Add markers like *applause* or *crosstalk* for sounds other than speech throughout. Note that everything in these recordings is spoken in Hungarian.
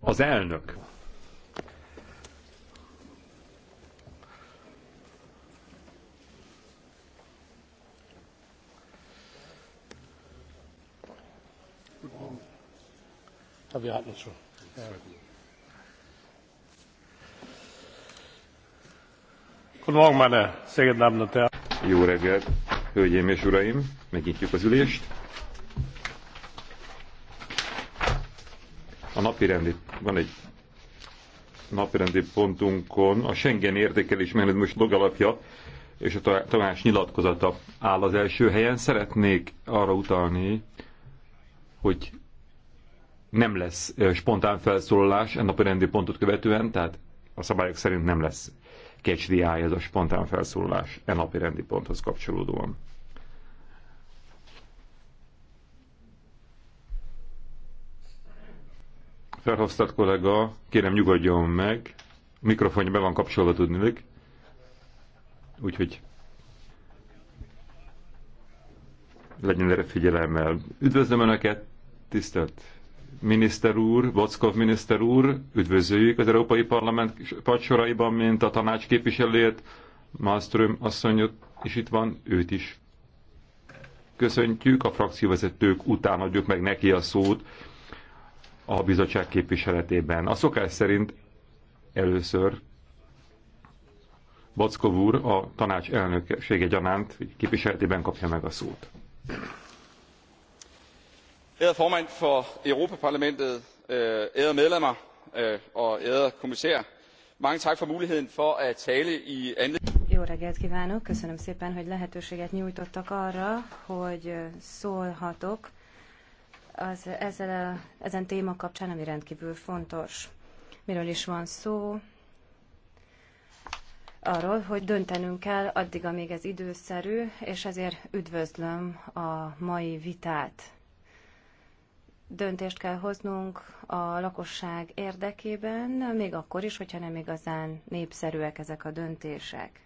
Az elnök. Jó reggelt, hölgyeim és uraim! Megnyitjuk az ülést. napirendi, van egy napirendi pontunkon a Schengen értékelés most logalapja és a Tamás nyilatkozata áll az első helyen. Szeretnék arra utalni, hogy nem lesz spontán felszólalás a napirendi pontot követően, tehát a szabályok szerint nem lesz catch the eye, ez a spontán felszólalás e napi rendi ponthoz kapcsolódóan. Verhofstadt kollega, kérem nyugodjon meg. A mikrofonja be van kapcsolva tudnilik. Úgyhogy legyen erre figyelemmel. Üdvözlöm Önöket, tisztelt miniszter úr, Bockov miniszter úr, üdvözöljük az Európai Parlament padsoraiban, mint a tanács képviselőjét, Malmström asszonyot, és itt van őt is. Köszöntjük, a frakcióvezetők után adjuk meg neki a szót, a bizottság képviseletében. A szokás szerint először Bockov úr a tanács elnöksége gyanánt képviseletében kapja meg a szót. Ered formand for Parlamentet, ered øh, medlemmer øh, og ered kommissær, mange tak for muligheden for at tale i andet. Jó reggelt kívánok, köszönöm szépen, hogy lehetőséget nyújtottak arra, hogy øh, szólhatok az ezzel a, ezen téma kapcsán, ami rendkívül fontos. Miről is van szó? Arról, hogy döntenünk kell addig, amíg ez időszerű, és ezért üdvözlöm a mai vitát. Döntést kell hoznunk a lakosság érdekében, még akkor is, hogyha nem igazán népszerűek ezek a döntések.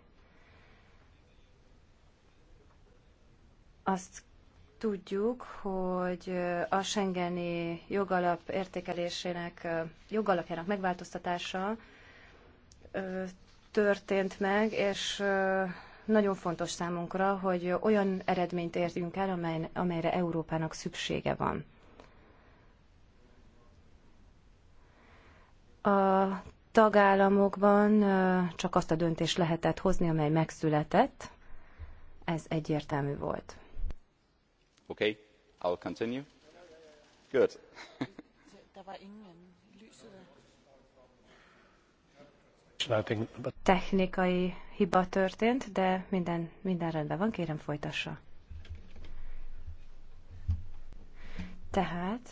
Azt Tudjuk, hogy a Schengeni jogalap értékelésének, jogalapjának megváltoztatása történt meg, és nagyon fontos számunkra, hogy olyan eredményt értünk el, amely, amelyre Európának szüksége van. A tagállamokban csak azt a döntést lehetett hozni, amely megszületett. Ez egyértelmű volt. Okay, continue. Good. *laughs* Technikai hiba történt, de minden, minden rendben van, kérem folytassa. Tehát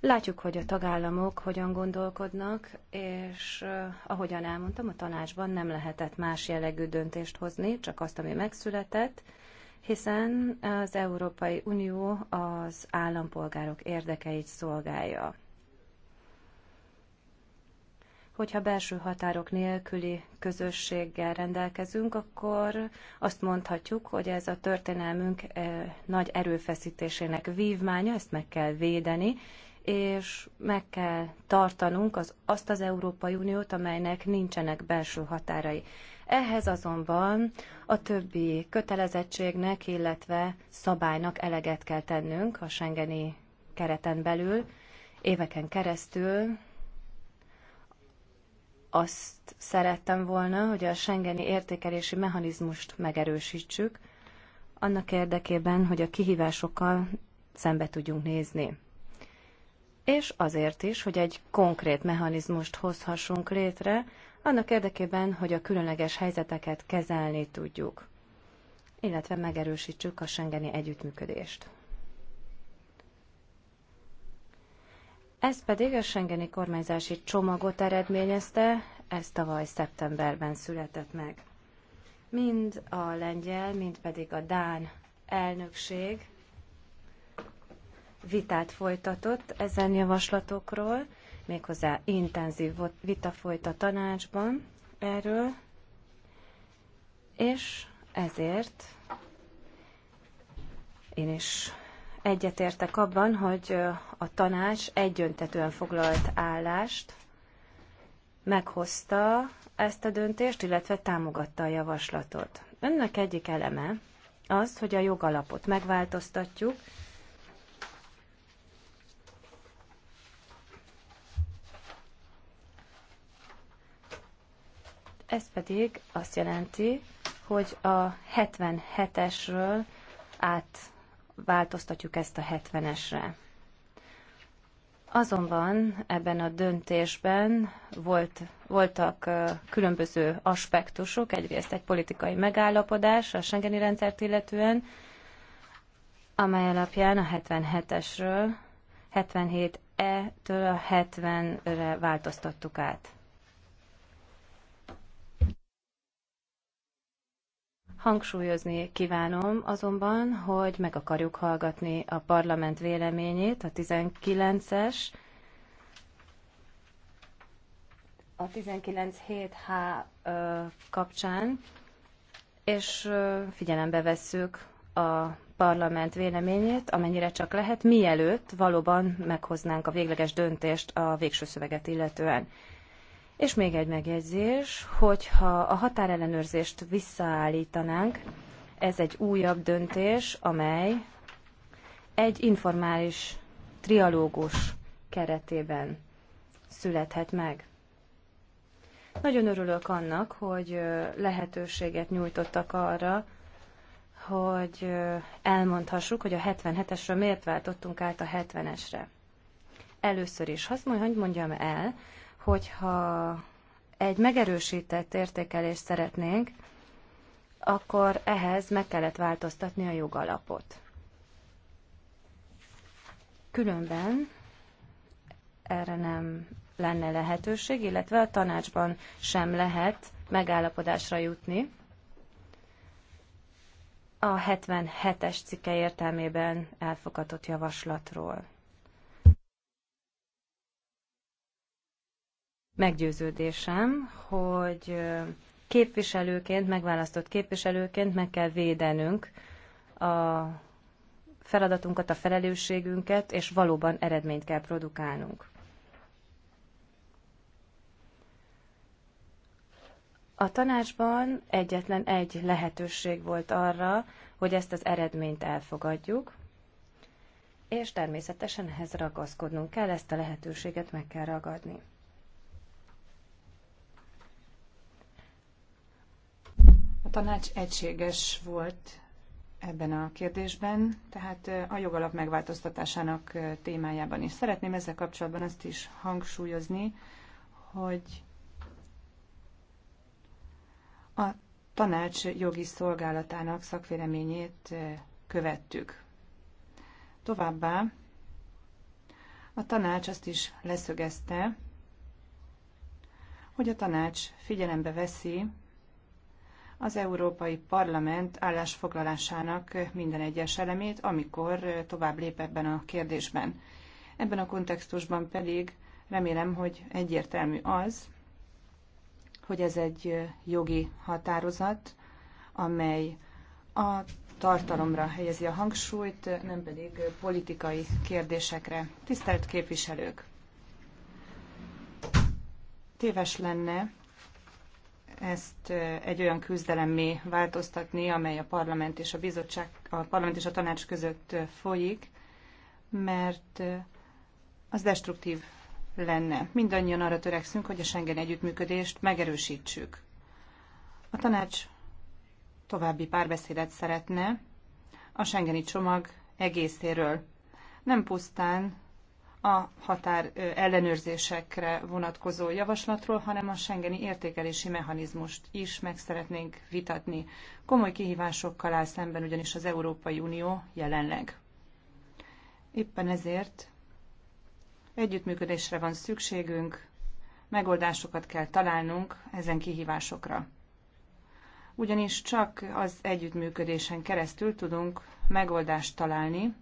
látjuk, hogy a tagállamok hogyan gondolkodnak, és ahogyan elmondtam, a tanácsban nem lehetett más jellegű döntést hozni, csak azt, ami megszületett, hiszen az Európai Unió az állampolgárok érdekeit szolgálja. Hogyha belső határok nélküli közösséggel rendelkezünk, akkor azt mondhatjuk, hogy ez a történelmünk eh, nagy erőfeszítésének vívmánya, ezt meg kell védeni, és meg kell tartanunk az, azt az Európai Uniót, amelynek nincsenek belső határai. Ehhez azonban a többi kötelezettségnek, illetve szabálynak eleget kell tennünk a Schengeni kereten belül, éveken keresztül azt szerettem volna, hogy a Schengeni értékelési mechanizmust megerősítsük, annak érdekében, hogy a kihívásokkal szembe tudjunk nézni. És azért is, hogy egy konkrét mechanizmust hozhassunk létre, annak érdekében, hogy a különleges helyzeteket kezelni tudjuk, illetve megerősítsük a Schengeni együttműködést. Ez pedig a Schengeni kormányzási csomagot eredményezte, ez tavaly szeptemberben született meg. Mind a lengyel, mind pedig a dán elnökség vitát folytatott ezen javaslatokról, méghozzá intenzív vita folyt a tanácsban erről, és ezért én is egyetértek abban, hogy a tanács egyöntetően foglalt állást, meghozta ezt a döntést, illetve támogatta a javaslatot. Önnek egyik eleme az, hogy a jogalapot megváltoztatjuk, Ez pedig azt jelenti, hogy a 77-esről átváltoztatjuk ezt a 70-esre. Azonban ebben a döntésben volt, voltak különböző aspektusok, egyrészt egy politikai megállapodás a Schengeni rendszert illetően, amely alapján a 77-esről 77E-től a 70-re változtattuk át. Hangsúlyozni kívánom azonban, hogy meg akarjuk hallgatni a parlament véleményét, a 19-es, a 19.7h kapcsán, és figyelembe vesszük a parlament véleményét, amennyire csak lehet, mielőtt valóban meghoznánk a végleges döntést a végső szöveget illetően. És még egy megjegyzés, hogyha a határellenőrzést visszaállítanánk, ez egy újabb döntés, amely egy informális trialógus keretében születhet meg. Nagyon örülök annak, hogy lehetőséget nyújtottak arra, hogy elmondhassuk, hogy a 77-esről miért váltottunk át a 70-esre. Először is azt mondjam el, hogyha egy megerősített értékelést szeretnénk, akkor ehhez meg kellett változtatni a jogalapot. Különben erre nem lenne lehetőség, illetve a tanácsban sem lehet megállapodásra jutni. A 77-es cikke értelmében elfogadott javaslatról. meggyőződésem, hogy képviselőként, megválasztott képviselőként meg kell védenünk a feladatunkat, a felelősségünket, és valóban eredményt kell produkálnunk. A tanácsban egyetlen egy lehetőség volt arra, hogy ezt az eredményt elfogadjuk, és természetesen ehhez ragaszkodnunk kell, ezt a lehetőséget meg kell ragadni. A tanács egységes volt ebben a kérdésben, tehát a jogalap megváltoztatásának témájában is. Szeretném ezzel kapcsolatban azt is hangsúlyozni, hogy a tanács jogi szolgálatának szakvéleményét követtük. Továbbá a tanács azt is leszögezte, hogy a tanács figyelembe veszi az Európai Parlament állásfoglalásának minden egyes elemét, amikor tovább lép ebben a kérdésben. Ebben a kontextusban pedig remélem, hogy egyértelmű az, hogy ez egy jogi határozat, amely a tartalomra helyezi a hangsúlyt, nem pedig politikai kérdésekre. Tisztelt képviselők! Téves lenne ezt egy olyan küzdelemmé változtatni, amely a parlament és a bizottság, a parlament és a tanács között folyik, mert az destruktív lenne. Mindannyian arra törekszünk, hogy a Schengen együttműködést megerősítsük. A tanács további párbeszédet szeretne a Schengeni csomag egészéről. Nem pusztán a határ ellenőrzésekre vonatkozó javaslatról, hanem a Schengeni értékelési mechanizmust is meg szeretnénk vitatni. Komoly kihívásokkal áll szemben ugyanis az Európai Unió jelenleg. Éppen ezért együttműködésre van szükségünk, megoldásokat kell találnunk ezen kihívásokra. Ugyanis csak az együttműködésen keresztül tudunk megoldást találni,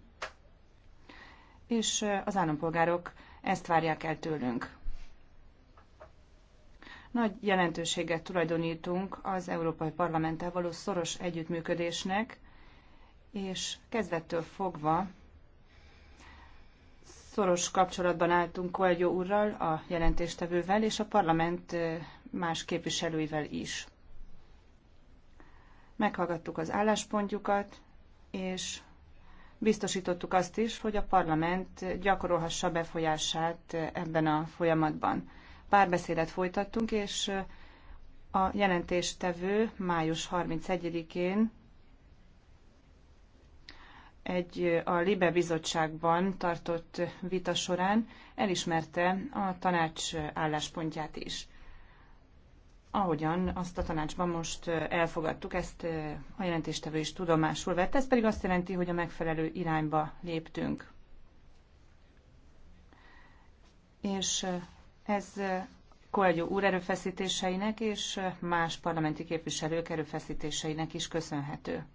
és az állampolgárok ezt várják el tőlünk. Nagy jelentőséget tulajdonítunk az Európai Parlamenttel való szoros együttműködésnek, és kezdettől fogva szoros kapcsolatban álltunk Koelgyó úrral, a jelentéstevővel és a parlament más képviselőivel is. Meghallgattuk az álláspontjukat, és biztosítottuk azt is, hogy a parlament gyakorolhassa befolyását ebben a folyamatban. Párbeszédet folytattunk, és a jelentéstevő május 31-én egy a Libe bizottságban tartott vita során elismerte a tanács álláspontját is ahogyan azt a tanácsban most elfogadtuk, ezt a jelentéstevő is tudomásul vett. Ez pedig azt jelenti, hogy a megfelelő irányba léptünk. És ez Kolgyó úr erőfeszítéseinek és más parlamenti képviselők erőfeszítéseinek is köszönhető.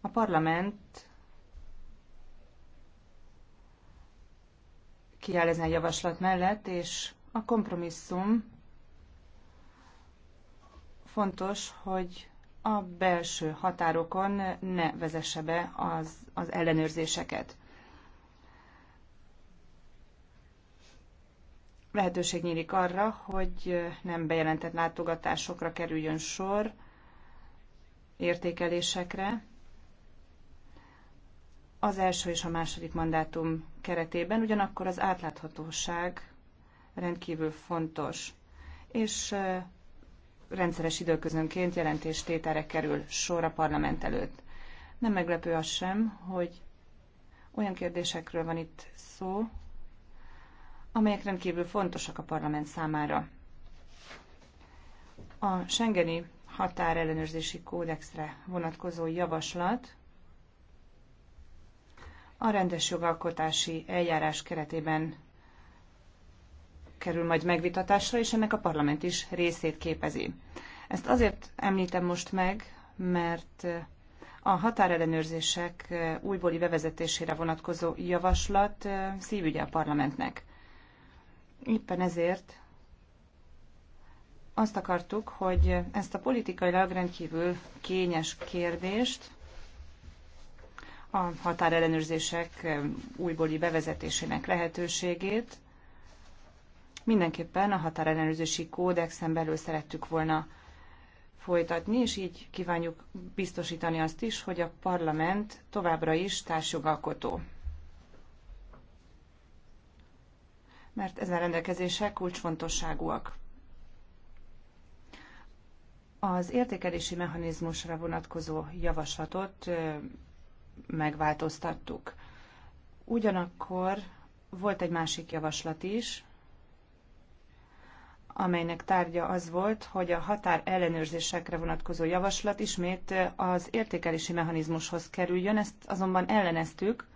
A parlament kiáll ezen javaslat mellett, és a kompromisszum Fontos, hogy a belső határokon ne vezesse be az, az ellenőrzéseket. Lehetőség nyílik arra, hogy nem bejelentett látogatásokra kerüljön sor, értékelésekre, az első és a második mandátum keretében, ugyanakkor az átláthatóság rendkívül fontos, és rendszeres időközönként jelentéstételre kerül sor a parlament előtt. Nem meglepő az sem, hogy olyan kérdésekről van itt szó, amelyek rendkívül fontosak a parlament számára. A Schengeni határellenőrzési kódexre vonatkozó javaslat a rendes jogalkotási eljárás keretében kerül majd megvitatásra, és ennek a parlament is részét képezi. Ezt azért említem most meg, mert a határellenőrzések újbóli bevezetésére vonatkozó javaslat szívügye a parlamentnek. Éppen ezért azt akartuk, hogy ezt a politikailag rendkívül kényes kérdést a határellenőrzések újbóli bevezetésének lehetőségét mindenképpen a határellenőrzési kódexen belül szerettük volna folytatni, és így kívánjuk biztosítani azt is, hogy a parlament továbbra is társjogalkotó. Mert ezen rendelkezések kulcsfontosságúak. Az értékelési mechanizmusra vonatkozó javaslatot megváltoztattuk. Ugyanakkor volt egy másik javaslat is, amelynek tárgya az volt, hogy a határ ellenőrzésekre vonatkozó javaslat ismét az értékelési mechanizmushoz kerüljön. Ezt azonban elleneztük,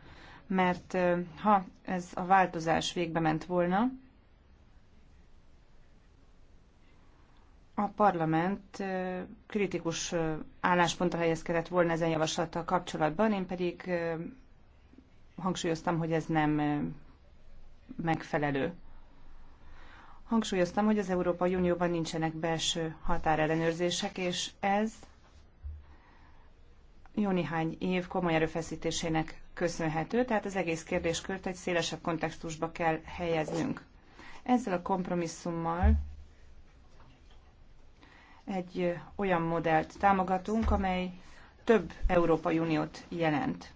mert ha ez a változás végbe ment volna, a parlament kritikus álláspontra helyezkedett volna ezen javaslattal kapcsolatban, én pedig hangsúlyoztam, hogy ez nem megfelelő. Hangsúlyoztam, hogy az Európai Unióban nincsenek belső határellenőrzések, és ez jó néhány év komoly erőfeszítésének köszönhető, tehát az egész kérdéskört egy szélesebb kontextusba kell helyeznünk. Ezzel a kompromisszummal egy olyan modellt támogatunk, amely több Európai Uniót jelent.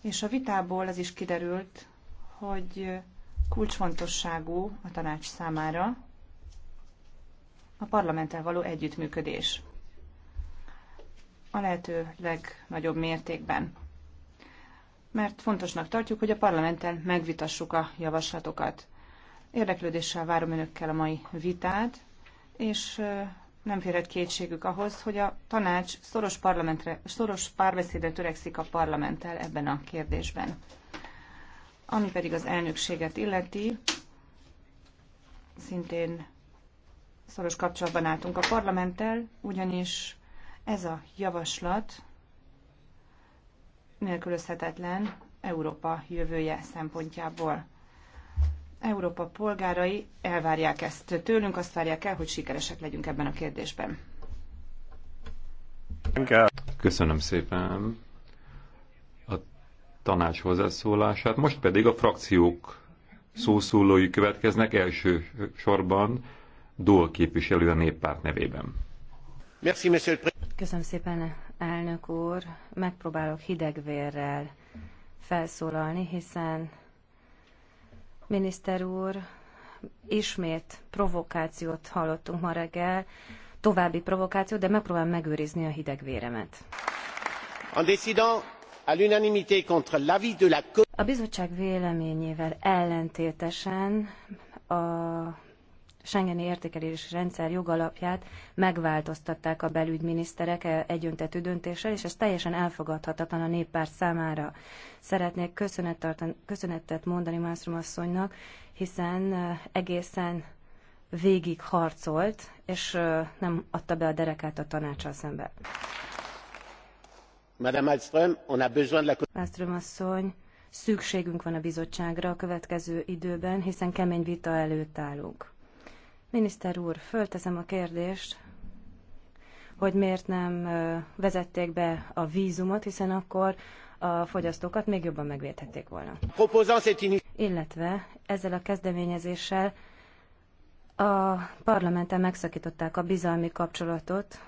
És a vitából az is kiderült, hogy kulcsfontosságú a tanács számára a parlamenttel való együttműködés a lehető legnagyobb mértékben. Mert fontosnak tartjuk, hogy a parlamenten megvitassuk a javaslatokat. Érdeklődéssel várom önökkel a mai vitát, és nem férhet kétségük ahhoz, hogy a tanács szoros, parlamentre, szoros párbeszédre törekszik a parlamenttel ebben a kérdésben. Ami pedig az elnökséget illeti, szintén szoros kapcsolatban álltunk a parlamenttel, ugyanis ez a javaslat nélkülözhetetlen Európa jövője szempontjából. Európa polgárai elvárják ezt tőlünk, azt várják el, hogy sikeresek legyünk ebben a kérdésben. Köszönöm szépen tanács hozzászólását. Most pedig a frakciók szószólói következnek első sorban Dól képviselő a néppárt nevében. Köszönöm szépen, elnök úr. Megpróbálok hidegvérrel felszólalni, hiszen miniszter úr, ismét provokációt hallottunk ma reggel, további provokációt, de megpróbálom megőrizni a hidegvéremet. En décidant a bizottság véleményével ellentétesen a Schengeni értékelési rendszer jogalapját megváltoztatták a belügyminiszterek e- egyöntetű döntéssel, és ez teljesen elfogadhatatlan a néppárt számára. Szeretnék köszönetet mondani Mászrom asszonynak, hiszen egészen végig harcolt, és nem adta be a derekát a tanácsal szemben. Malmström asszony, szükségünk van a bizottságra a következő időben, hiszen kemény vita előtt állunk. Miniszter úr, fölteszem a kérdést, hogy miért nem vezették be a vízumot, hiszen akkor a fogyasztókat még jobban megvédhették volna. Illetve ezzel a kezdeményezéssel a parlamenten megszakították a bizalmi kapcsolatot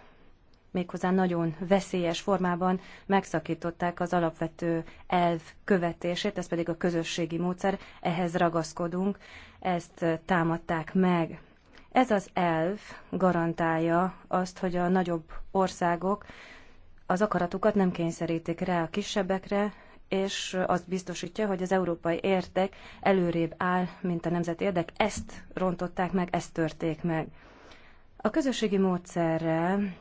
méghozzá nagyon veszélyes formában megszakították az alapvető elv követését, ez pedig a közösségi módszer, ehhez ragaszkodunk, ezt támadták meg. Ez az elv garantálja azt, hogy a nagyobb országok az akaratukat nem kényszerítik rá a kisebbekre, és azt biztosítja, hogy az európai érték előrébb áll, mint a nemzeti érdek. Ezt rontották meg, ezt törték meg. A közösségi módszerrel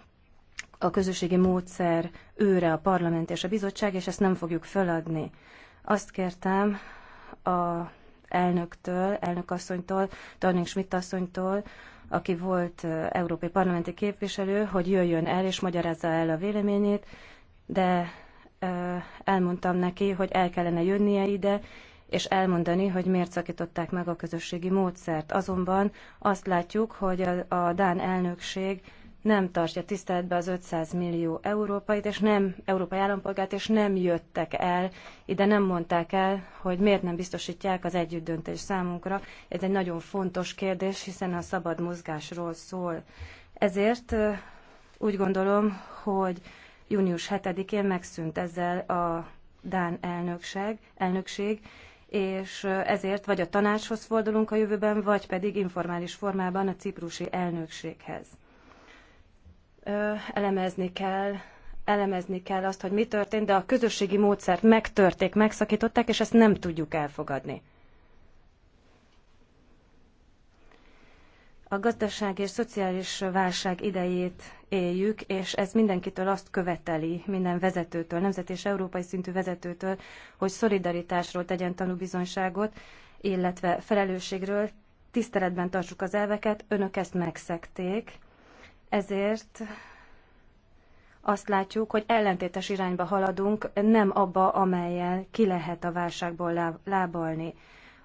a közösségi módszer őre a parlament és a bizottság, és ezt nem fogjuk föladni. Azt kértem a elnöktől, elnökasszonytól, Tarning Schmidt asszonytól, aki volt európai parlamenti képviselő, hogy jöjjön el és magyarázza el a véleményét, de elmondtam neki, hogy el kellene jönnie ide, és elmondani, hogy miért szakították meg a közösségi módszert. Azonban azt látjuk, hogy a, a Dán elnökség nem tartja tiszteletbe az 500 millió európait, és nem európai állampolgárt, és nem jöttek el, ide nem mondták el, hogy miért nem biztosítják az együttdöntés számunkra. Ez egy nagyon fontos kérdés, hiszen a szabad mozgásról szól. Ezért úgy gondolom, hogy június 7-én megszűnt ezzel a Dán elnökség, elnökség, és ezért vagy a tanácshoz fordulunk a jövőben, vagy pedig informális formában a ciprusi elnökséghez elemezni kell, elemezni kell azt, hogy mi történt, de a közösségi módszert megtörték, megszakították, és ezt nem tudjuk elfogadni. A gazdaság és szociális válság idejét éljük, és ez mindenkitől azt követeli, minden vezetőtől, nemzeti és európai szintű vezetőtől, hogy szolidaritásról tegyen tanúbizonyságot, illetve felelősségről, tiszteletben tartsuk az elveket, önök ezt megszekték, ezért azt látjuk, hogy ellentétes irányba haladunk, nem abba, amelyel ki lehet a válságból lábalni.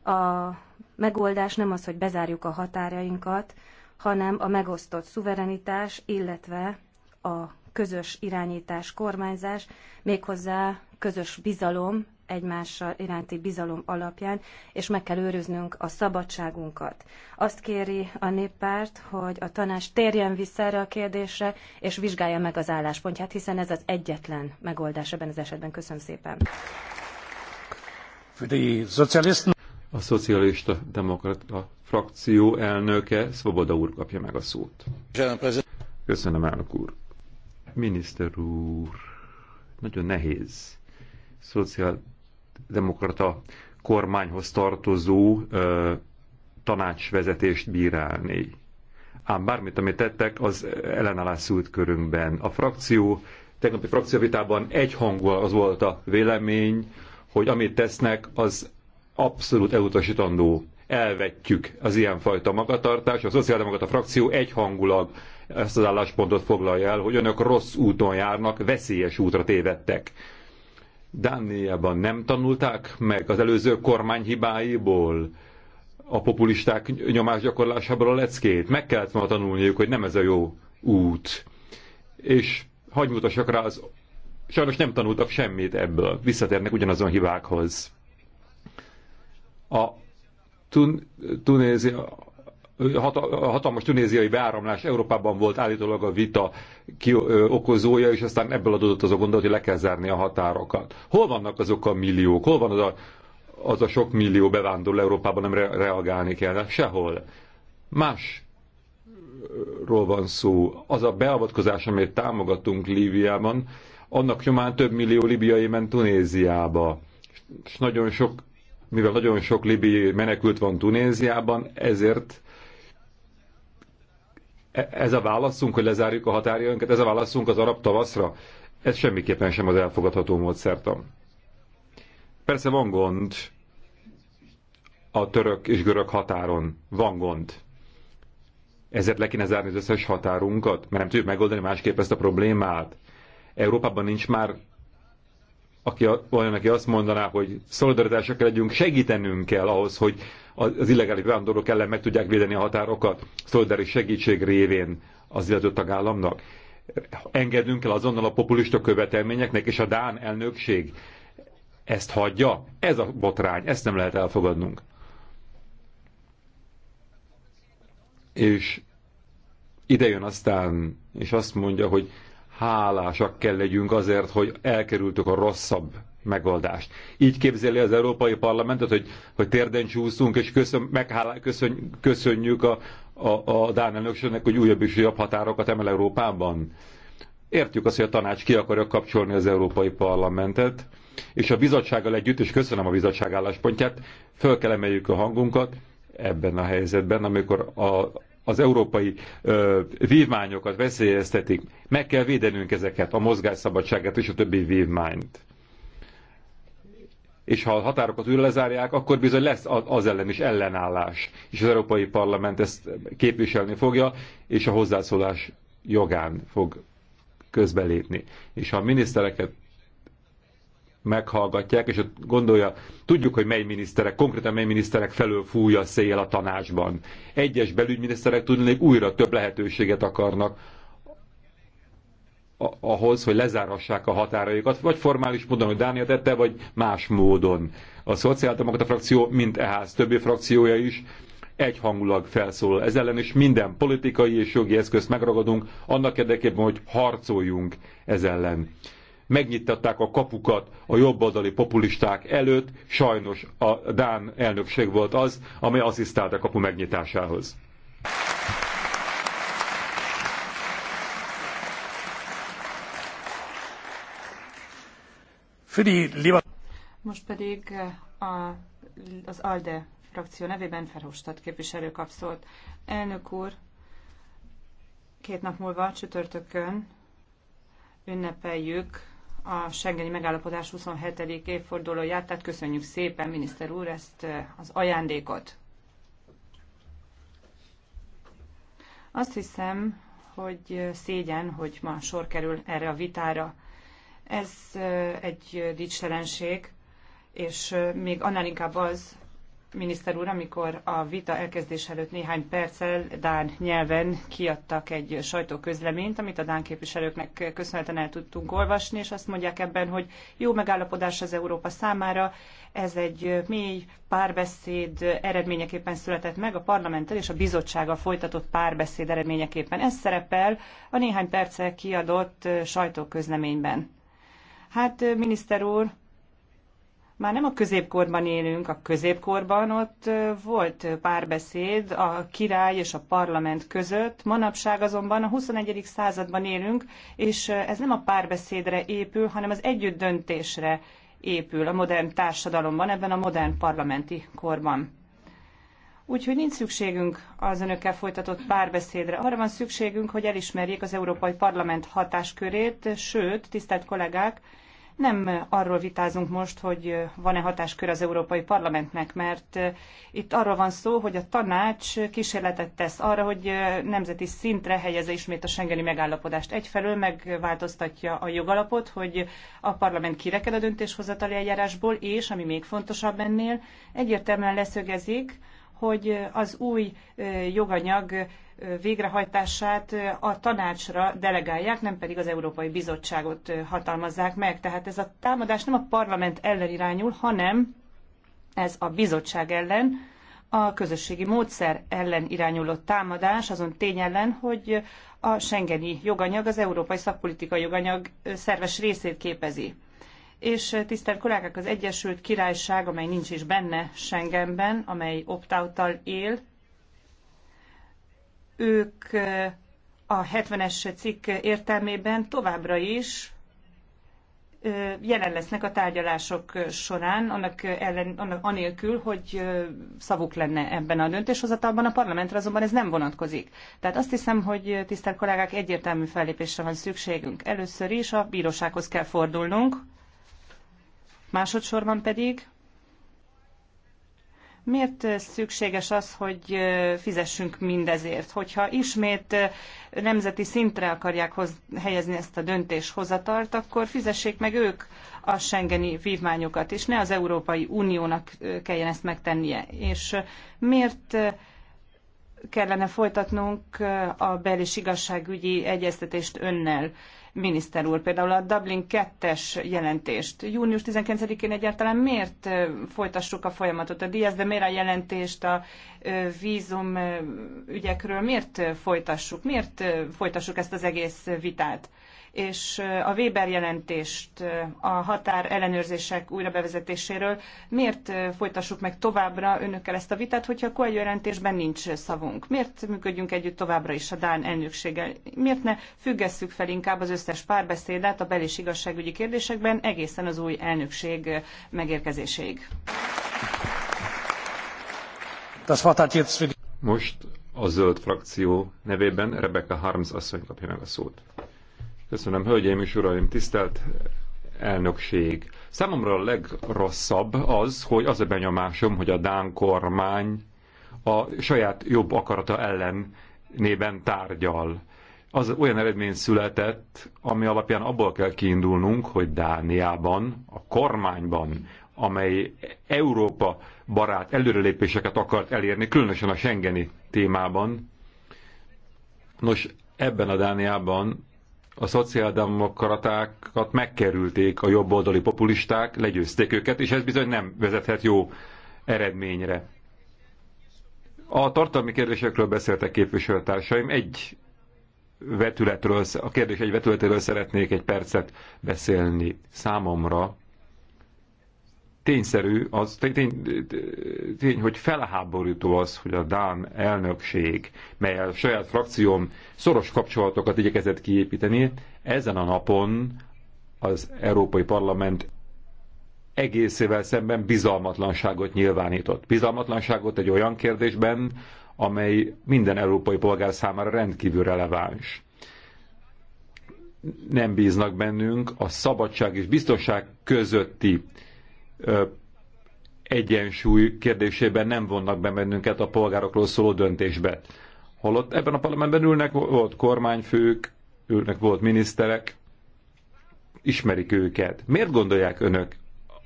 A megoldás nem az, hogy bezárjuk a határainkat, hanem a megosztott szuverenitás, illetve a közös irányítás, kormányzás, méghozzá közös bizalom egymással iránti bizalom alapján, és meg kell őriznünk a szabadságunkat. Azt kéri a néppárt, hogy a tanács térjen vissza erre a kérdésre, és vizsgálja meg az álláspontját, hiszen ez az egyetlen megoldás ebben az esetben. Köszönöm szépen. A szocialista demokrata frakció elnöke Szoboda úr kapja meg a szót. Köszönöm, elnök úr. Miniszter úr, nagyon nehéz szociál demokrata kormányhoz tartozó ö, tanácsvezetést bírálni. Ám bármit, amit tettek, az ellenállás szült körünkben. A frakció, tegnapi frakcióvitában egyhangú az volt a vélemény, hogy amit tesznek, az abszolút elutasítandó. Elvetjük az ilyenfajta magatartást. A szociáldemokrata frakció egyhangulag ezt az álláspontot foglalja el, hogy önök rossz úton járnak, veszélyes útra tévedtek Dániában nem tanulták meg az előző kormány hibáiból, a populisták nyomásgyakorlásából a leckét. Meg kellett volna tanulniuk, hogy nem ez a jó út. És hagyj mutassak rá, az, sajnos nem tanultak semmit ebből. Visszatérnek ugyanazon hibákhoz. A Tun- Tunézia hatalmas tunéziai beáramlás Európában volt állítólag a vita okozója, és aztán ebből adódott az a gondolat, hogy le kell zárni a határokat. Hol vannak azok a milliók? Hol van az a, az a sok millió bevándorló Európában, nem reagálni kell? Hát sehol. Más ról van szó. Az a beavatkozás, amit támogatunk Líviában, annak nyomán több millió libiai ment Tunéziába. És nagyon sok, mivel nagyon sok libiai menekült van Tunéziában, ezért ez a válaszunk, hogy lezárjuk a határjainkat, ez a válaszunk az arab tavaszra? Ez semmiképpen sem az elfogadható módszertan. Persze van gond a török és görög határon. Van gond. Ezért le kéne zárni az összes határunkat, mert nem tudjuk megoldani másképp ezt a problémát. Európában nincs már aki, olyan, aki azt mondaná, hogy szolidaritásra kell legyünk, segítenünk kell ahhoz, hogy az illegális bevándorlók ellen meg tudják védeni a határokat, szolidári segítség révén az illető tagállamnak. Engedünk el azonnal a populista követelményeknek, és a Dán elnökség ezt hagyja. Ez a botrány, ezt nem lehet elfogadnunk. És ide jön aztán, és azt mondja, hogy hálásak kell legyünk azért, hogy elkerültük a rosszabb megoldást. Így képzeli az Európai Parlamentet, hogy, hogy térden csúszunk, és köszön, meghálá, köszön, köszönjük a, a, a Dán elnökségnek, hogy újabb és újabb határokat emel Európában. Értjük azt, hogy a tanács ki akarja kapcsolni az Európai Parlamentet, és a bizottsággal együtt, és köszönöm a bizottság álláspontját, föl kell emeljük a hangunkat ebben a helyzetben, amikor a, az európai ö, vívmányokat veszélyeztetik. Meg kell védenünk ezeket, a mozgásszabadságát és a többi vívmányt és ha a határokat újra lezárják, akkor bizony lesz az ellen is ellenállás. És az Európai Parlament ezt képviselni fogja, és a hozzászólás jogán fog közbelépni. És ha a minisztereket meghallgatják, és ott gondolja, tudjuk, hogy mely miniszterek, konkrétan mely miniszterek felől fúj a szél a tanácsban. Egyes belügyminiszterek tudnék újra több lehetőséget akarnak ahhoz, hogy lezárhassák a határaikat, vagy formális módon, hogy Dánia tette, vagy más módon. A Szociáldemokrata frakció, mint ehhez többi frakciója is egyhangulag felszól. Ez ellen is minden politikai és jogi eszközt megragadunk, annak érdekében, hogy harcoljunk ez ellen. Megnyitották a kapukat a jobboldali populisták előtt, sajnos a Dán elnökség volt az, amely asszisztált a kapu megnyitásához. Most pedig eh, a, az ALDE frakció nevében Ferhostad képviselő kap szót. Elnök úr, két nap múlva csütörtökön ünnepeljük a Schengeni megállapodás 27. évfordulóját, tehát köszönjük szépen, miniszter úr, ezt eh, az ajándékot. Azt hiszem, hogy eh, szégyen, hogy ma sor kerül erre a vitára. Ez egy dicstelenség, és még annál inkább az, miniszter úr, amikor a vita elkezdés előtt néhány perccel Dán nyelven kiadtak egy sajtóközleményt, amit a Dán képviselőknek köszönhetően el tudtunk olvasni, és azt mondják ebben, hogy jó megállapodás az Európa számára, ez egy mély párbeszéd eredményeképpen született meg a parlamenttel és a bizottsággal folytatott párbeszéd eredményeképpen. Ez szerepel a néhány perccel kiadott sajtóközleményben. Hát, miniszter úr, már nem a középkorban élünk, a középkorban ott volt párbeszéd a király és a parlament között, manapság azonban a 21. században élünk, és ez nem a párbeszédre épül, hanem az együtt döntésre épül a modern társadalomban, ebben a modern parlamenti korban. Úgyhogy nincs szükségünk az önökkel folytatott párbeszédre. Arra van szükségünk, hogy elismerjék az Európai Parlament hatáskörét, sőt, tisztelt kollégák, nem arról vitázunk most, hogy van-e hatáskör az Európai Parlamentnek, mert eh, itt arról van szó, hogy a tanács kísérletet tesz arra, hogy eh, nemzeti szintre helyezze ismét a Schengeni megállapodást. Egyfelől megváltoztatja a jogalapot, hogy a parlament kireked a döntéshozatali eljárásból, és, ami még fontosabb ennél, egyértelműen leszögezik, hogy az új eh, joganyag végrehajtását a tanácsra delegálják, nem pedig az Európai Bizottságot hatalmazzák meg. Tehát ez a támadás nem a parlament ellen irányul, hanem ez a bizottság ellen, a közösségi módszer ellen irányuló támadás azon tény ellen, hogy a Schengeni joganyag az európai szakpolitikai joganyag szerves részét képezi. És tisztelt kollégák, az Egyesült Királyság, amely nincs is benne Schengenben, amely opt-out-tal él, ők a 70-es cikk értelmében továbbra is jelen lesznek a tárgyalások során, annak, ellen, annak anélkül, hogy szavuk lenne ebben a döntéshozatalban, a parlamentre azonban ez nem vonatkozik. Tehát azt hiszem, hogy tisztelt kollégák, egyértelmű fellépésre van szükségünk. Először is a bírósághoz kell fordulnunk, másodszorban pedig Miért eh, szükséges az, hogy eh, fizessünk mindezért? Hogyha ismét eh, nemzeti szintre akarják hoz, helyezni ezt a döntéshozatart, akkor fizessék meg ők a Schengeni vívmányokat, és ne az Európai Uniónak kelljen ezt megtennie. És miért kellene folytatnunk a bel- és igazságügyi egyeztetést önnel? miniszter úr, például a Dublin 2-es jelentést. Június 19-én egyáltalán miért folytassuk a folyamatot? A Diaz de a jelentést a vízum ügyekről miért folytassuk? Miért folytassuk ezt az egész vitát? és a Weber jelentést a határ ellenőrzések újrabevezetéséről. Miért folytassuk meg továbbra önökkel ezt a vitát, hogyha a Coelho jelentésben nincs szavunk? Miért működjünk együtt továbbra is a Dán elnökséggel? Miért ne függesszük fel inkább az összes párbeszédet a bel- és igazságügyi kérdésekben egészen az új elnökség megérkezéséig? Most a zöld frakció nevében Rebecca Harms asszony kapja meg a szót. Köszönöm, hölgyeim és uraim, tisztelt elnökség. Számomra a legrosszabb az, hogy az a benyomásom, hogy a Dán kormány a saját jobb akarata ellen nében tárgyal. Az olyan eredmény született, ami alapján abból kell kiindulnunk, hogy Dániában, a kormányban, amely Európa barát előrelépéseket akart elérni, különösen a Schengeni témában. Nos, ebben a Dániában a szociáldemokratákat megkerülték a jobboldali populisták, legyőzték őket, és ez bizony nem vezethet jó eredményre. A tartalmi kérdésekről beszéltek képviselőtársaim. Egy vetületről, a kérdés egy vetületéről szeretnék egy percet beszélni. Számomra tényszerű, az tény, tény, hogy felháborító az, hogy a Dán elnökség, mely a saját frakcióm szoros kapcsolatokat igyekezett kiépíteni, ezen a napon az Európai Parlament egészével szemben bizalmatlanságot nyilvánított. Bizalmatlanságot egy olyan kérdésben, amely minden európai polgár számára rendkívül releváns nem bíznak bennünk a szabadság és biztonság közötti egyensúly kérdésében nem vonnak be bennünket a polgárokról szóló döntésbe. Holott ebben a parlamentben ülnek, volt kormányfők, ülnek, volt miniszterek, ismerik őket. Miért gondolják önök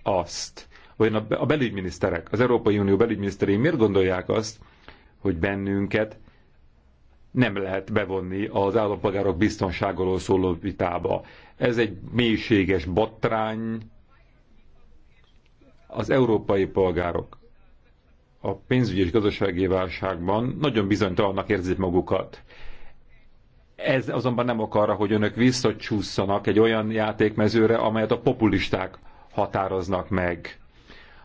azt, vagy a belügyminiszterek, az Európai Unió belügyminiszterei miért gondolják azt, hogy bennünket nem lehet bevonni az állampolgárok biztonságról szóló vitába. Ez egy mélységes botrány, az európai polgárok a pénzügyi és gazdasági válságban nagyon bizonytalannak érzik magukat. Ez azonban nem ok arra, hogy önök visszacsúszanak egy olyan játékmezőre, amelyet a populisták határoznak meg.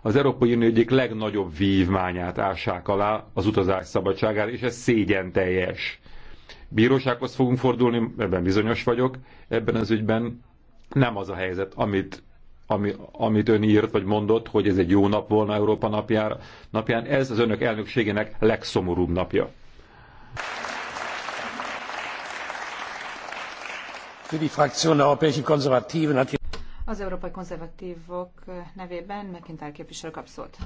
Az Európai Unió egyik legnagyobb vívmányát ássák alá az utazás szabadságára, és ez szégyen teljes. Bírósághoz fogunk fordulni, ebben bizonyos vagyok, ebben az ügyben nem az a helyzet, amit ami, amit ön írt, vagy mondott, hogy ez egy jó nap volna Európa napjára, napján, ez az önök elnökségének legszomorúbb napja. Az európai konzervatívok nevében McIntyre képviselő kap szót.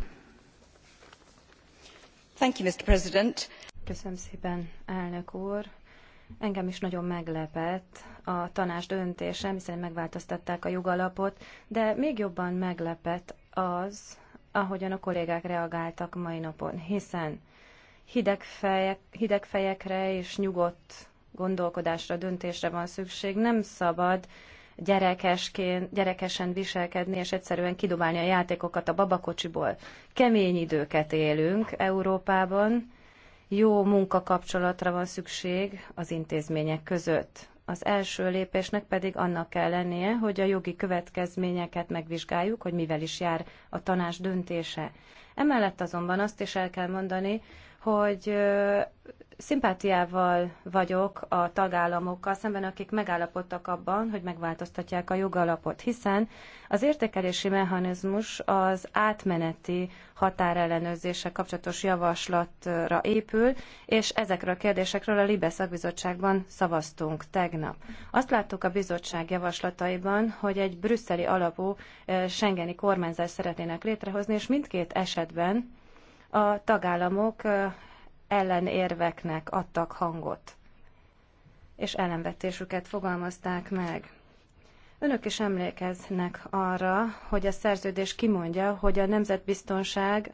Thank you, Mr. President. Köszönöm szépen, elnök úr. Engem is nagyon meglepett a tanács döntése, hiszen megváltoztatták a jogalapot, de még jobban meglepett az, ahogyan a kollégák reagáltak mai napon, hiszen hideg, fejek, hideg fejekre és nyugodt gondolkodásra, döntésre van szükség. Nem szabad gyerekesként, gyerekesen viselkedni, és egyszerűen kidobálni a játékokat a babakocsiból. Kemény időket élünk Európában, jó munkakapcsolatra van szükség az intézmények között. Az első lépésnek pedig annak kell lennie, hogy a jogi következményeket megvizsgáljuk, hogy mivel is jár a tanás döntése. Emellett azonban azt is el kell mondani, hogy Szimpátiával vagyok a tagállamokkal szemben, akik megállapodtak abban, hogy megváltoztatják a jogalapot, hiszen az értékelési mechanizmus az átmeneti határellenőrzése kapcsolatos javaslatra épül, és ezekről a kérdésekről a Libe szakbizottságban szavaztunk tegnap. Azt láttuk a bizottság javaslataiban, hogy egy brüsszeli alapú eh, Schengeni kormányzást szeretnének létrehozni, és mindkét esetben a tagállamok eh, ellenérveknek adtak hangot, és ellenvetésüket fogalmazták meg. Önök is emlékeznek arra, hogy a szerződés kimondja, hogy a nemzetbiztonság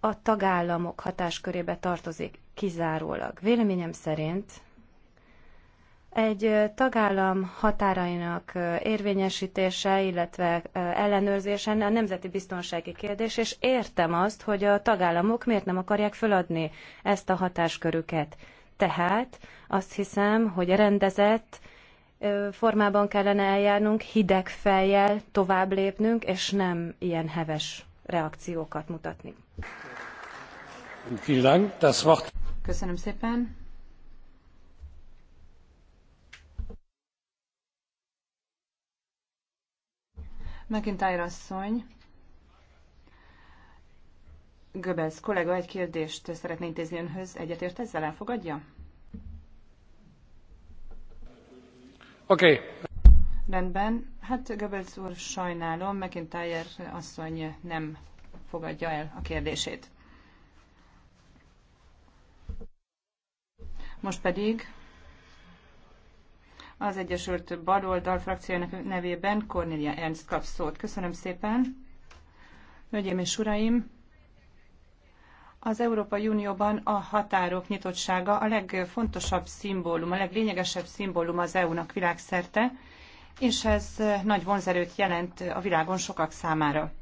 a tagállamok hatáskörébe tartozik kizárólag. Véleményem szerint egy tagállam határainak érvényesítése, illetve ellenőrzése a nemzeti biztonsági kérdés, és értem azt, hogy a tagállamok miért nem akarják föladni ezt a hatáskörüket. Tehát azt hiszem, hogy rendezett formában kellene eljárnunk, hideg fejjel tovább lépnünk, és nem ilyen heves reakciókat mutatni. Köszönöm szépen. McIntyre asszony, Göbez kollega egy kérdést szeretné intézni önhöz. Egyetért ezzel elfogadja? Oké. Okay. Rendben. Hát Göbels úr, sajnálom, McIntyre asszony nem fogadja el a kérdését. Most pedig az Egyesült Baloldal frakciójának nevében Cornelia Ernst kap szót. Köszönöm szépen. Hölgyeim és uraim! Az Európai Unióban a határok nyitottsága a legfontosabb szimbólum, a leglényegesebb szimbólum az EU-nak világszerte, és ez nagy vonzerőt jelent a világon sokak számára.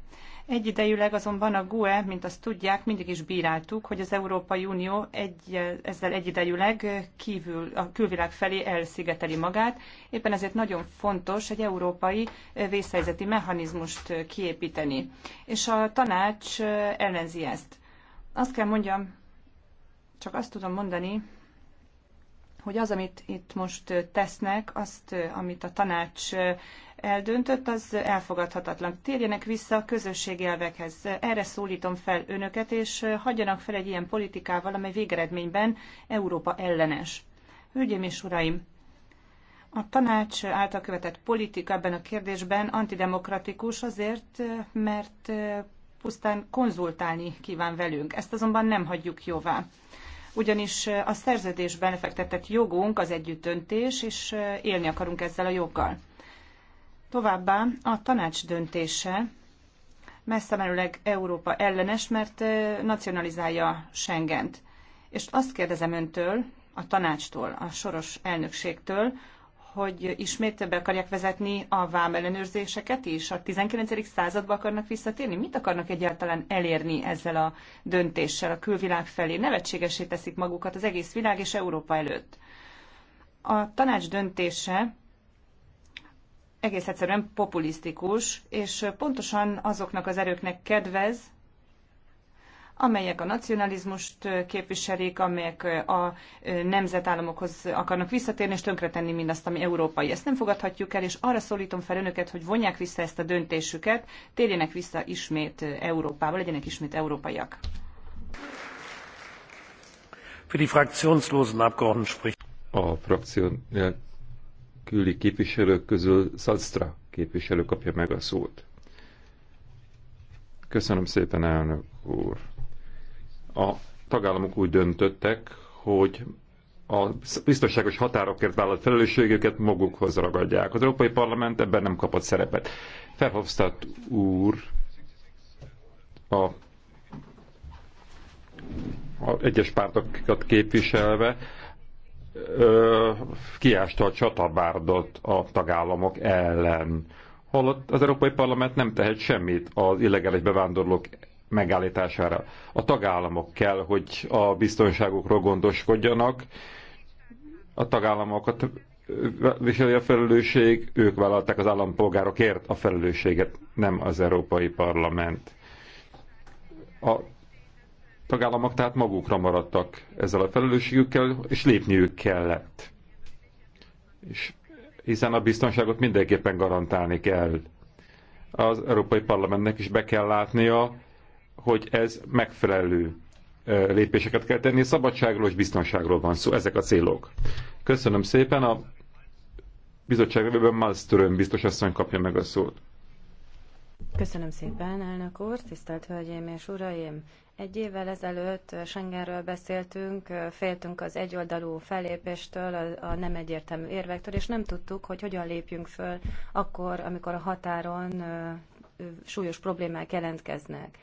Egyidejűleg azonban a GUE, mint azt tudják, mindig is bíráltuk, hogy az Európai Unió egy, ezzel egyidejűleg kívül, a külvilág felé elszigeteli magát. Éppen ezért nagyon fontos egy európai vészhelyzeti mechanizmust kiépíteni. És a tanács ellenzi ezt. Azt kell mondjam, csak azt tudom mondani, hogy az, amit itt most tesznek, azt, amit a tanács eldöntött, az elfogadhatatlan. Térjenek vissza a közösségi elvekhez. Erre szólítom fel önöket, és hagyjanak fel egy ilyen politikával, amely végeredményben Európa ellenes. Hölgyeim és uraim, a tanács által követett politika ebben a kérdésben antidemokratikus azért, mert pusztán konzultálni kíván velünk. Ezt azonban nem hagyjuk jóvá ugyanis a szerződésben lefektetett jogunk az együttöntés, és élni akarunk ezzel a joggal. Továbbá a tanács döntése messze menőleg Európa ellenes, mert nacionalizálja Schengent. És azt kérdezem öntől, a tanácstól, a soros elnökségtől, hogy ismét be akarják vezetni a vám ellenőrzéseket is? A 19. századba akarnak visszatérni? Mit akarnak egyáltalán elérni ezzel a döntéssel a külvilág felé? Nevetségesé teszik magukat az egész világ és Európa előtt. A tanács döntése egész egyszerűen populisztikus, és pontosan azoknak az erőknek kedvez, amelyek a nacionalizmust képviselik, amelyek a nemzetállamokhoz akarnak visszatérni és tönkretenni mindazt, ami európai. Ezt nem fogadhatjuk el, és arra szólítom fel önöket, hogy vonják vissza ezt a döntésüket, térjenek vissza ismét Európába, legyenek ismét európaiak. A frakció küli képviselők közül Szadstra képviselő kapja meg a szót. Köszönöm szépen, elnök úr. A tagállamok úgy döntöttek, hogy a biztonságos határokért vállalt felelősségüket magukhoz ragadják. Az Európai Parlament ebben nem kapott szerepet. Verhofstadt úr a a egyes pártokat képviselve kiásta a csatabárdot a tagállamok ellen. Holott az Európai Parlament nem tehet semmit az illegális bevándorlók megállítására. A tagállamok kell, hogy a biztonságukról gondoskodjanak, a tagállamokat viseli a felelősség, ők vállalták az állampolgárokért a felelősséget, nem az Európai Parlament. A tagállamok tehát magukra maradtak ezzel a felelősségükkel, és lépniük kellett. És hiszen a biztonságot mindenképpen garantálni kell. Az Európai Parlamentnek is be kell látnia, hogy ez megfelelő lépéseket kell tenni. Szabadságról és biztonságról van szó, ezek a célok. Köszönöm szépen, a bizottságvevőben Malmström biztos asszony kapja meg a szót. Köszönöm szépen, elnök úr, tisztelt hölgyeim és uraim! Egy évvel ezelőtt Schengenről beszéltünk, féltünk az egyoldalú fellépéstől, a, nem egyértelmű érvektől, és nem tudtuk, hogy hogyan lépjünk föl akkor, amikor a határon súlyos problémák jelentkeznek.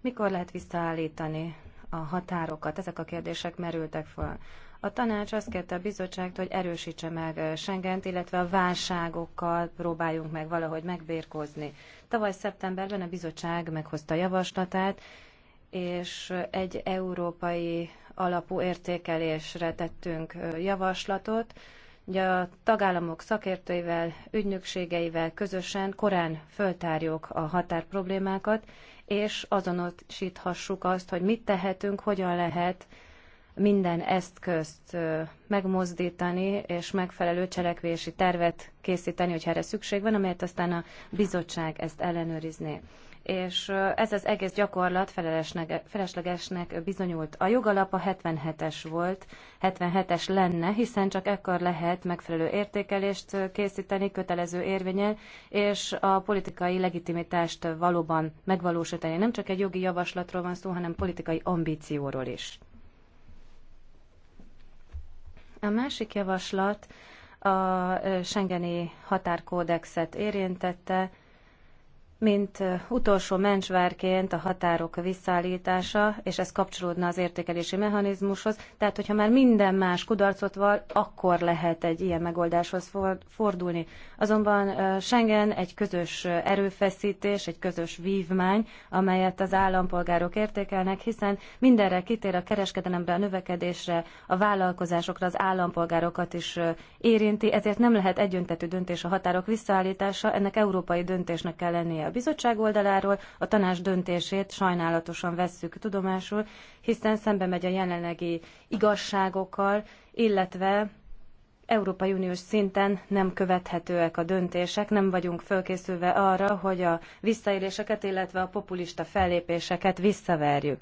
Mikor lehet visszaállítani a határokat? Ezek a kérdések merültek fel. A tanács azt kérte a bizottságtól, hogy erősítse meg Schengent, illetve a válságokkal próbáljunk meg valahogy megbérkozni. Tavaly szeptemberben a bizottság meghozta javaslatát, és egy európai alapú értékelésre tettünk javaslatot. Ugye a tagállamok szakértőivel, ügynökségeivel közösen korán föltárjuk a határ problémákat, és azonosíthassuk azt, hogy mit tehetünk, hogyan lehet minden ezt közt megmozdítani, és megfelelő cselekvési tervet készíteni, hogyha erre szükség van, amelyet aztán a bizottság ezt ellenőrizné. És ez az egész gyakorlat feleslegesnek bizonyult. A jogalap a 77-es volt, 77-es lenne, hiszen csak ekkor lehet megfelelő értékelést készíteni kötelező érvényel, és a politikai legitimitást valóban megvalósítani. Nem csak egy jogi javaslatról van szó, hanem politikai ambícióról is. A másik javaslat a Schengeni határkódexet érintette, mint utolsó mencsvárként a határok visszaállítása, és ez kapcsolódna az értékelési mechanizmushoz. Tehát, hogyha már minden más kudarcot val, akkor lehet egy ilyen megoldáshoz fordulni. Azonban Schengen egy közös erőfeszítés, egy közös vívmány, amelyet az állampolgárok értékelnek, hiszen mindenre kitér a kereskedelemre, a növekedésre, a vállalkozásokra, az állampolgárokat is érinti, ezért nem lehet egyöntetű döntés a határok visszaállítása, ennek európai döntésnek kell lennie bizottság oldaláról, a tanács döntését sajnálatosan vesszük tudomásul, hiszen szembe megy a jelenlegi igazságokkal, illetve Európai Uniós szinten nem követhetőek a döntések, nem vagyunk fölkészülve arra, hogy a visszaéléseket, illetve a populista fellépéseket visszaverjük.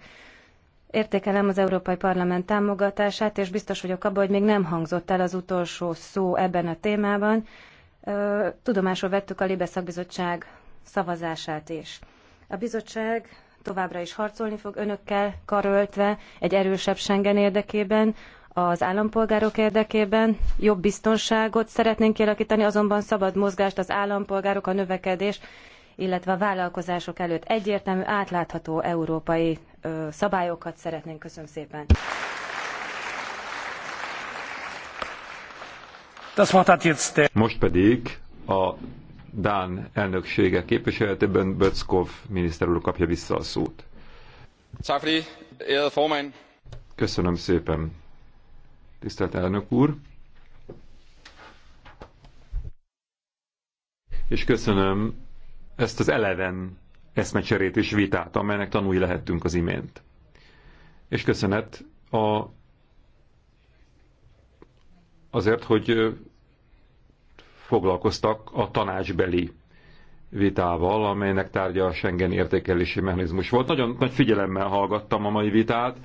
Értékelem az Európai Parlament támogatását, és biztos vagyok abban, hogy még nem hangzott el az utolsó szó ebben a témában. Tudomásul vettük a Libeszakbizottság szavazását is. A bizottság továbbra is harcolni fog önökkel karöltve egy erősebb Schengen érdekében, az állampolgárok érdekében jobb biztonságot szeretnénk kialakítani, azonban szabad mozgást az állampolgárok, a növekedés, illetve a vállalkozások előtt egyértelmű, átlátható európai ö, szabályokat szeretnénk. Köszönöm szépen! Most pedig a Dán elnöksége képviseletében Böckov miniszter úr kapja vissza a szót. Köszönöm szépen, tisztelt elnök úr. És köszönöm ezt az eleven eszmecserét és vitát, amelynek tanulj lehettünk az imént. És köszönet a azért, hogy foglalkoztak a tanácsbeli vitával, amelynek tárgya a Schengen értékelési mechanizmus volt. Nagyon nagy figyelemmel hallgattam a mai vitát,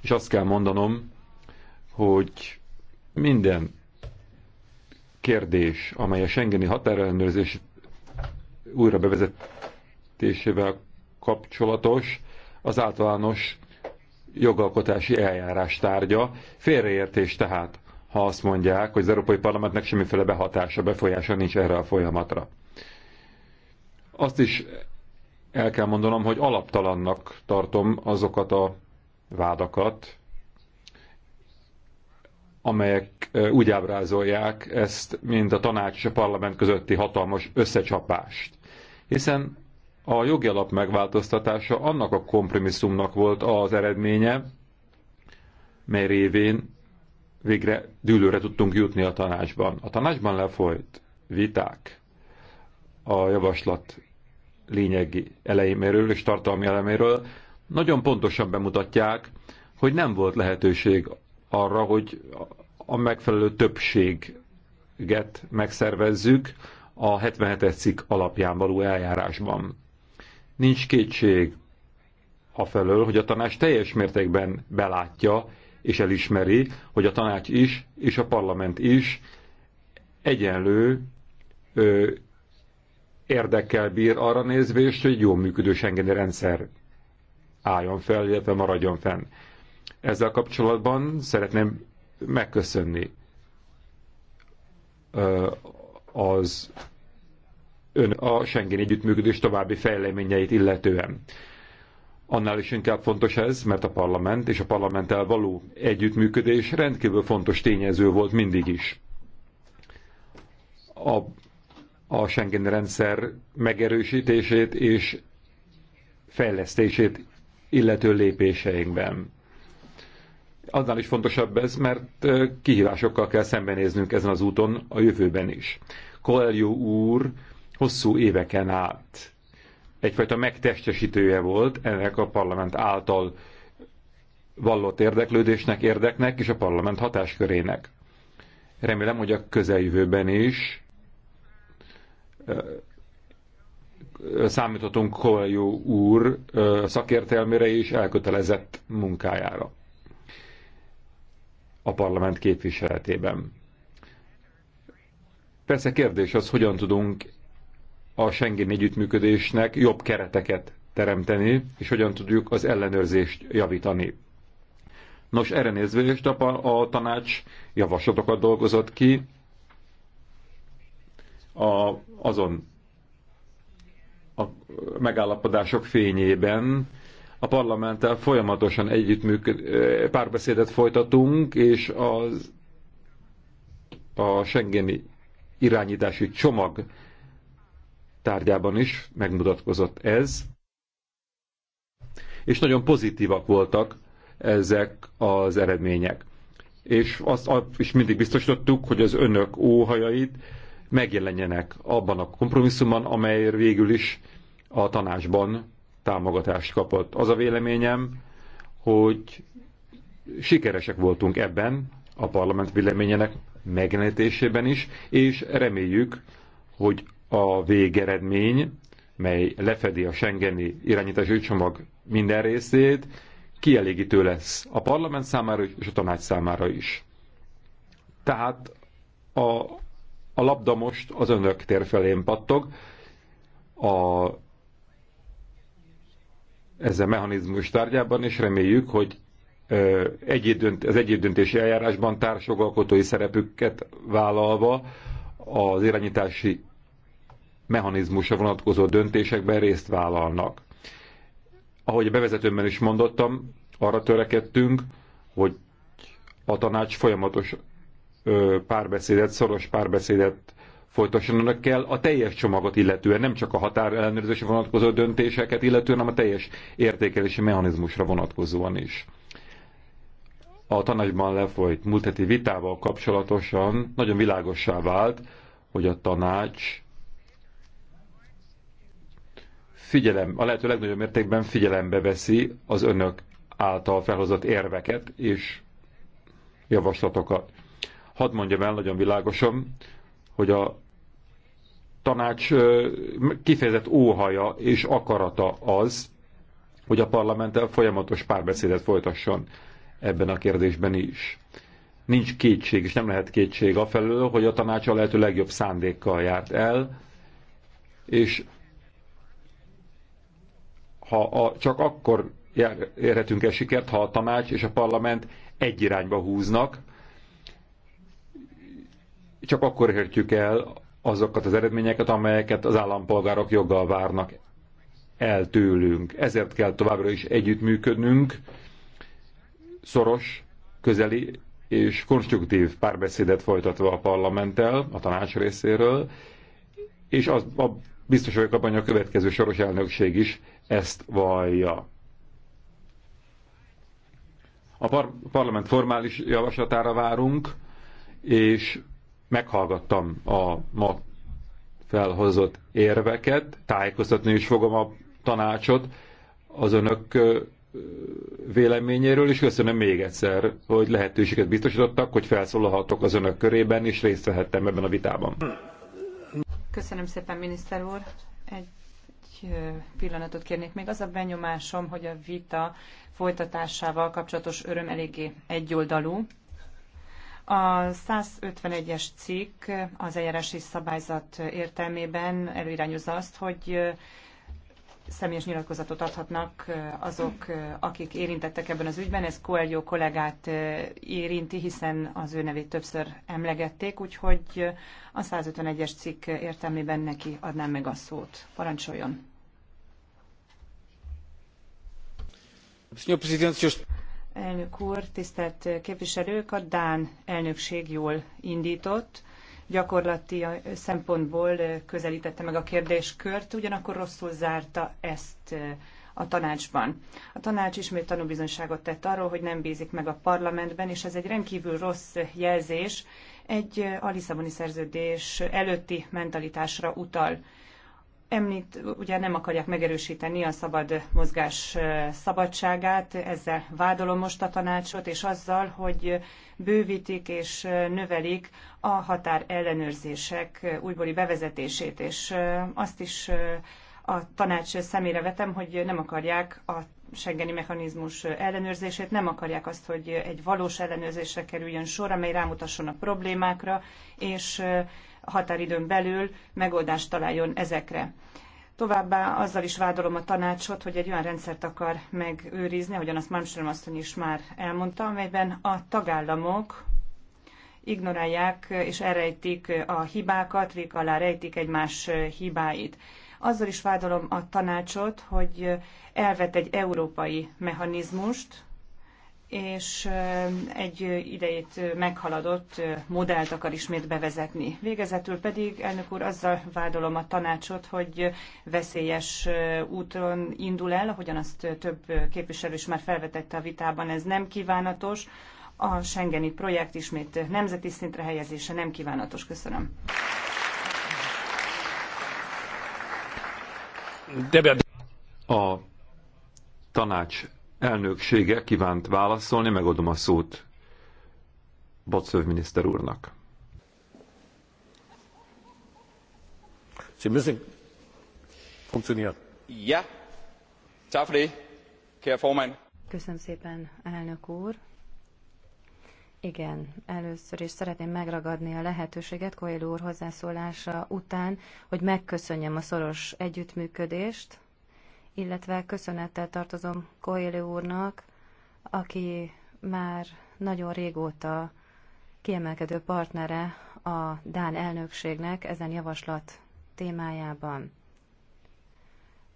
és azt kell mondanom, hogy minden kérdés, amely a Schengeni határellenőrzés újra bevezetésével kapcsolatos, az általános jogalkotási eljárás tárgya. Félreértés tehát ha azt mondják, hogy az Európai Parlamentnek semmiféle behatása, befolyása nincs erre a folyamatra. Azt is el kell mondanom, hogy alaptalannak tartom azokat a vádakat, amelyek úgy ábrázolják ezt, mint a tanács és a parlament közötti hatalmas összecsapást. Hiszen a jogi alap megváltoztatása annak a kompromisszumnak volt az eredménye, mely révén végre dűlőre tudtunk jutni a tanácsban. A tanácsban lefolyt viták a javaslat lényegi elejéméről és tartalmi eleméről nagyon pontosan bemutatják, hogy nem volt lehetőség arra, hogy a megfelelő többséget megszervezzük a 77-es cikk alapján való eljárásban. Nincs kétség a felől, hogy a tanács teljes mértékben belátja és elismeri, hogy a tanács is, és a parlament is egyenlő ö, érdekkel bír arra nézvést, hogy jó működő Schengeni rendszer álljon fel, illetve maradjon fenn. Ezzel kapcsolatban szeretném megköszönni ö, az ön a Schengen együttműködés további fejleményeit illetően. Annál is inkább fontos ez, mert a parlament és a parlamenttel való együttműködés rendkívül fontos tényező volt mindig is. A, a Schengen rendszer megerősítését és fejlesztését illető lépéseinkben. Annál is fontosabb ez, mert kihívásokkal kell szembenéznünk ezen az úton a jövőben is. Koeljó úr hosszú éveken át egyfajta megtestesítője volt ennek a parlament által vallott érdeklődésnek, érdeknek és a parlament hatáskörének. Remélem, hogy a közeljövőben is számíthatunk Kovaljó úr szakértelmére és elkötelezett munkájára a parlament képviseletében. Persze kérdés az, hogyan tudunk a Schengen együttműködésnek jobb kereteket teremteni, és hogyan tudjuk az ellenőrzést javítani. Nos, erre nézve a, a tanács javaslatokat dolgozott ki a, azon a megállapodások fényében, a parlamenttel folyamatosan együttműköd, párbeszédet folytatunk, és az, a Schengeni irányítási csomag tárgyában is megmutatkozott ez, és nagyon pozitívak voltak ezek az eredmények. És azt is mindig biztosítottuk, hogy az önök óhajait megjelenjenek abban a kompromisszumban, amely végül is a tanácsban támogatást kapott. Az a véleményem, hogy sikeresek voltunk ebben, a parlament véleményének megjelenítésében is, és reméljük, hogy a végeredmény, mely lefedi a Schengeni irányítási csomag minden részét, kielégítő lesz a parlament számára és a tanács számára is. Tehát a, a labda most az önök felén pattog, a, ezzel mechanizmus tárgyában, és reméljük, hogy egyéb, az egyéb eljárásban társjogalkotói szerepüket vállalva az irányítási mechanizmusra vonatkozó döntésekben részt vállalnak. Ahogy a bevezetőmben is mondottam, arra törekedtünk, hogy a tanács folyamatos párbeszédet, szoros párbeszédet folytasson önökkel a teljes csomagot illetően, nem csak a határ ellenőrzésre vonatkozó döntéseket illetően, hanem a teljes értékelési mechanizmusra vonatkozóan is. A tanácsban lefolyt múlt heti vitával kapcsolatosan nagyon világossá vált, hogy a tanács figyelem, a lehető legnagyobb mértékben figyelembe veszi az önök által felhozott érveket és javaslatokat. Hadd mondjam el nagyon világosan, hogy a tanács kifejezett óhaja és akarata az, hogy a parlamenttel folyamatos párbeszédet folytasson ebben a kérdésben is. Nincs kétség, és nem lehet kétség a felől, hogy a tanács a lehető legjobb szándékkal járt el, és ha a, csak akkor érhetünk el sikert, ha a tanács és a parlament egy irányba húznak, csak akkor értjük el azokat az eredményeket, amelyeket az állampolgárok joggal várnak el tőlünk. Ezért kell továbbra is együttműködnünk, szoros, közeli és konstruktív párbeszédet folytatva a parlamenttel, a tanács részéről, és az, a, biztos vagyok abban, hogy a következő soros elnökség is ezt vallja. A par parlament formális javaslatára várunk, és meghallgattam a ma felhozott érveket, tájékoztatni is fogom a tanácsot az önök véleményéről, és köszönöm még egyszer, hogy lehetőséget biztosítottak, hogy felszólalhatok az önök körében, és részt vehettem ebben a vitában. Köszönöm szépen, miniszter úr. Egy pillanatot kérnék. Még az a benyomásom, hogy a vita folytatásával kapcsolatos öröm eléggé egyoldalú. A 151-es cikk az eljárási szabályzat értelmében előirányozza azt, hogy személyes nyilatkozatot adhatnak azok, akik érintettek ebben az ügyben. Ez Coelho kollégát érinti, hiszen az ő nevét többször emlegették, úgyhogy a 151-es cikk értelmében neki adnám meg a szót. Parancsoljon! Elnök úr, tisztelt képviselők, a Dán elnökség jól indított, gyakorlati szempontból közelítette meg a kérdéskört, ugyanakkor rosszul zárta ezt eh, a tanácsban. A tanács ismét tanúbizonyságot tett arról, hogy nem bízik meg a parlamentben, és ez egy rendkívül rossz jelzés, egy eh, a Lisszaboni szerződés előtti mentalitásra utal említ, ugye nem akarják megerősíteni a szabad mozgás szabadságát, ezzel vádolom most a tanácsot, és azzal, hogy bővítik és növelik a határ ellenőrzések újbóli bevezetését, és azt is a tanács szemére vetem, hogy nem akarják a Schengeni mechanizmus ellenőrzését, nem akarják azt, hogy egy valós ellenőrzésre kerüljön sor, amely rámutasson a problémákra, és határidőn belül megoldást találjon ezekre. Továbbá azzal is vádolom a tanácsot, hogy egy olyan rendszert akar megőrizni, ahogyan azt Malmström asszony is már elmondta, amelyben a tagállamok ignorálják és elrejtik a hibákat, vék alá rejtik egymás hibáit. Azzal is vádolom a tanácsot, hogy elvet egy európai mechanizmust, és egy idejét meghaladott modellt akar ismét bevezetni. Végezetül pedig, elnök úr, azzal vádolom a tanácsot, hogy veszélyes úton indul el, ahogyan azt több képviselő is már felvetette a vitában, ez nem kívánatos. A Schengeni projekt ismét nemzeti szintre helyezése nem kívánatos. Köszönöm. A tanács elnöksége kívánt válaszolni, megadom a szót Bocsőv miniszter úrnak. Sie müssen funktionieren. Ja, tak Herr Vormann. Köszönöm szépen, elnök úr. Igen, először is szeretném megragadni a lehetőséget Koél úr hozzászólása után, hogy megköszönjem a szoros együttműködést, illetve köszönettel tartozom Coelho úrnak, aki már nagyon régóta kiemelkedő partnere a Dán elnökségnek ezen javaslat témájában.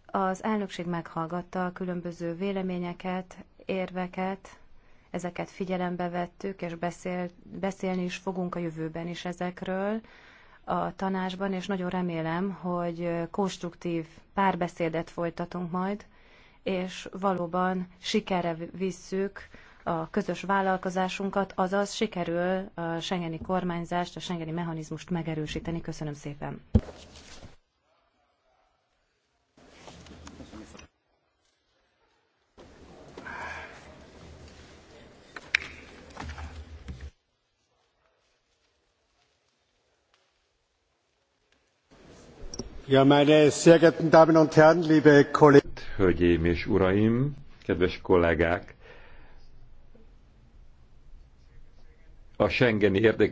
Az elnökség meghallgatta a különböző véleményeket, érveket, ezeket figyelembe vettük, és beszél, beszélni is fogunk a jövőben is ezekről a tanásban és nagyon remélem, hogy konstruktív párbeszédet folytatunk majd, és valóban sikerre visszük a közös vállalkozásunkat, azaz sikerül a Schengeni kormányzást, a Schengeni mechanizmust megerősíteni. Köszönöm szépen! Ja, meine sehr geehrten Damen und Herren, liebe Kollegen. Hölgyeim és uraim, kedves kollégák! A Schengeni érdeke.